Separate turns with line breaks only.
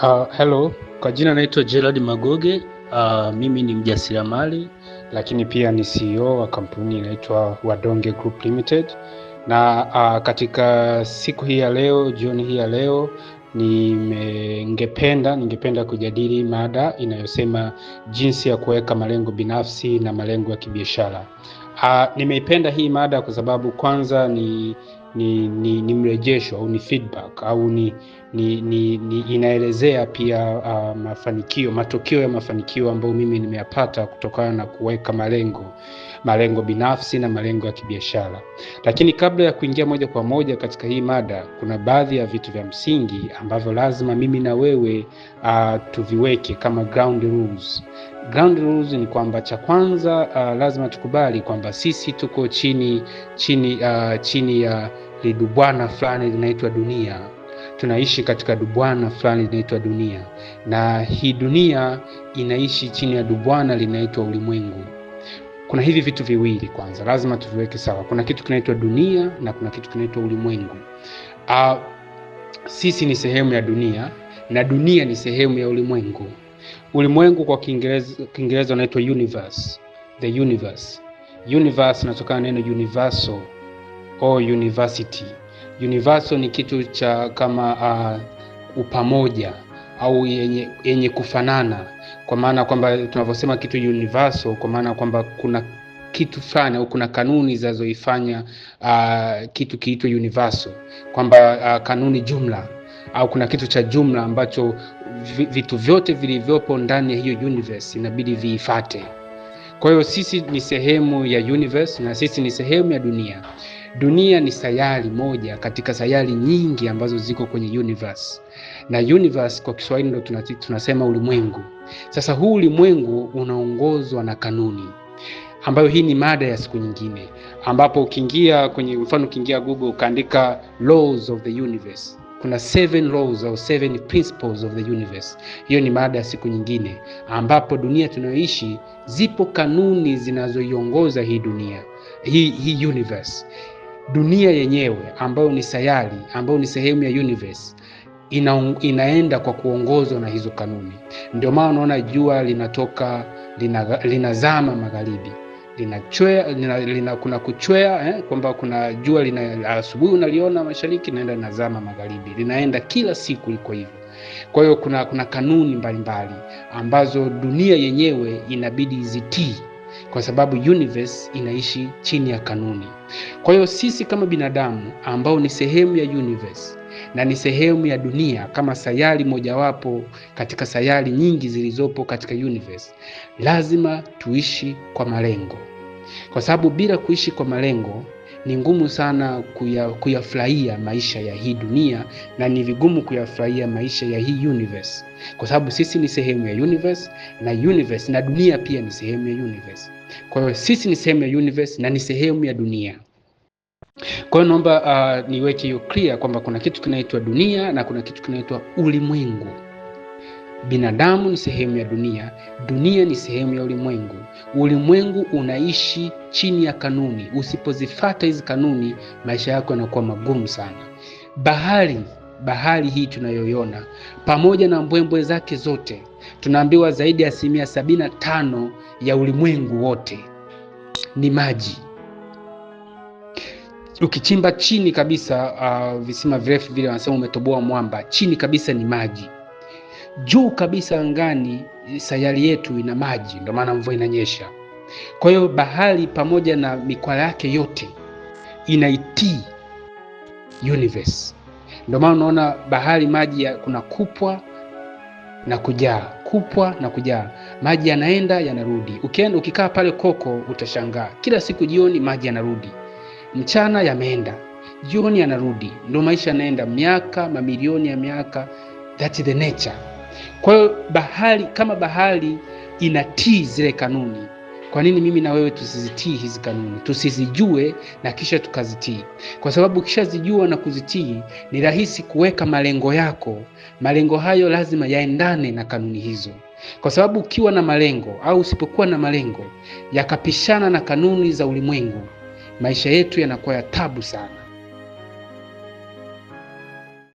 Uh, hello, kwa jina naitwa Gerald Magoge. Uh, mimi ni mjasiriamali lakini pia ni CEO wa kampuni inaitwa Wadonge Group Limited na uh, katika siku hii ya leo, jioni hii ya leo ningependa ningependa kujadili mada inayosema jinsi ya kuweka malengo binafsi na malengo ya kibiashara. Uh, nimeipenda hii mada kwa sababu kwanza ni ni, ni, ni mrejesho au ni feedback au ni, ni, ni, ni inaelezea pia uh, mafanikio matokeo ya mafanikio ambayo mimi nimeyapata kutokana na kuweka malengo malengo binafsi na malengo ya kibiashara. Lakini kabla ya kuingia moja kwa moja katika hii mada, kuna baadhi ya vitu vya msingi ambavyo lazima mimi na wewe uh, tuviweke kama ground rules. Ground rules ni kwamba cha kwanza, uh, lazima tukubali kwamba sisi tuko chini chini uh, chini ya uh, lidubwana fulani linaitwa dunia. Tunaishi katika dubwana fulani linaitwa dunia, na hii dunia inaishi chini ya dubwana linaitwa ulimwengu. Kuna hivi vitu viwili, kwanza lazima tuviweke sawa. Kuna kitu kinaitwa dunia na kuna kitu kinaitwa ulimwengu. Uh, sisi ni sehemu ya dunia na dunia ni sehemu ya ulimwengu. Ulimwengu kwa Kiingereza unaitwa universe, the universe. Universe inatokana neno universal or university. Universal ni kitu cha kama uh, upamoja au yenye, yenye kufanana, kwa maana kwamba tunavyosema kitu universal, kwa maana kwamba kuna kitu fulani au kuna kanuni zinazoifanya uh, kitu kiitwe universal, kwamba uh, kanuni jumla au kuna kitu cha jumla ambacho vitu vyote vilivyopo ndani ya hiyo universe inabidi viifate. Kwa hiyo sisi ni sehemu ya universe na sisi ni sehemu ya dunia. Dunia ni sayari moja katika sayari nyingi ambazo ziko kwenye universe, na universe kwa Kiswahili ndo tunasema ulimwengu. Sasa huu ulimwengu unaongozwa na kanuni ambayo hii ni mada ya siku nyingine, ambapo ukiingia kwenye mfano, ukiingia Google ukaandika laws of the universe kuna seven laws au seven principles of the universe. Hiyo ni mada ya siku nyingine, ambapo dunia tunayoishi zipo kanuni zinazoiongoza hii dunia hii, hii universe dunia yenyewe ambayo ni sayari ambayo ni sehemu ya universe ina, inaenda kwa kuongozwa na hizo kanuni. Ndio maana unaona jua linatoka linazama lina magharibi linachwea lina, lina, kuna kuchwea eh, kwamba kuna jua lina asubuhi unaliona mashariki naenda linazama magharibi, linaenda kila siku liko hivyo. Kwa hiyo kuna, kuna kanuni mbalimbali mbali, ambazo dunia yenyewe inabidi zitii kwa sababu universe inaishi chini ya kanuni. Kwa hiyo sisi kama binadamu ambao ni sehemu ya universe na ni sehemu ya dunia kama sayari mojawapo katika sayari nyingi zilizopo katika universe, lazima tuishi kwa malengo, kwa sababu bila kuishi kwa malengo ni ngumu sana kuya, kuyafurahia maisha ya hii dunia na ni vigumu kuyafurahia maisha ya hii universe, kwa sababu sisi ni sehemu ya universe na universe na dunia pia ni sehemu ya universe. Kwa hiyo sisi ni sehemu ya universe na ni sehemu ya dunia. Kwa hiyo naomba uh, niweke hiyo clear kwamba kuna kitu kinaitwa dunia na kuna kitu kinaitwa ulimwengu. Binadamu ni sehemu ya dunia, dunia ni sehemu ya ulimwengu. Ulimwengu unaishi chini ya kanuni, usipozifata hizi kanuni, maisha yako yanakuwa magumu sana. Bahari, bahari hii tunayoiona pamoja na mbwembwe zake zote, tunaambiwa zaidi ya asilimia sabini na tano ya ulimwengu wote ni maji. Ukichimba chini kabisa, uh, visima virefu vile wanasema umetoboa mwamba, chini kabisa ni maji juu kabisa angani, sayari yetu ina maji, ndio maana mvua inanyesha. Kwa hiyo bahari pamoja na mikwala yake yote inaitii universe. Ndio maana unaona bahari maji ya, kuna kupwa na kujaa, kupwa na kujaa, maji yanaenda yanarudi. Ukienda ukikaa pale Koko utashangaa, kila siku jioni maji yanarudi, mchana yameenda, jioni yanarudi, ndio maisha yanaenda, miaka mamilioni ya miaka. That is the nature. Kwa hiyo bahari, kama bahari inatii zile kanuni, kwa nini mimi na wewe tusizitii hizi kanuni, tusizijue na kisha tukazitii? Kwa sababu ukishazijua na kuzitii ni rahisi kuweka malengo yako. Malengo hayo lazima yaendane na kanuni hizo, kwa sababu ukiwa na malengo au usipokuwa na malengo yakapishana na kanuni za ulimwengu, maisha yetu yanakuwa ya tabu sana.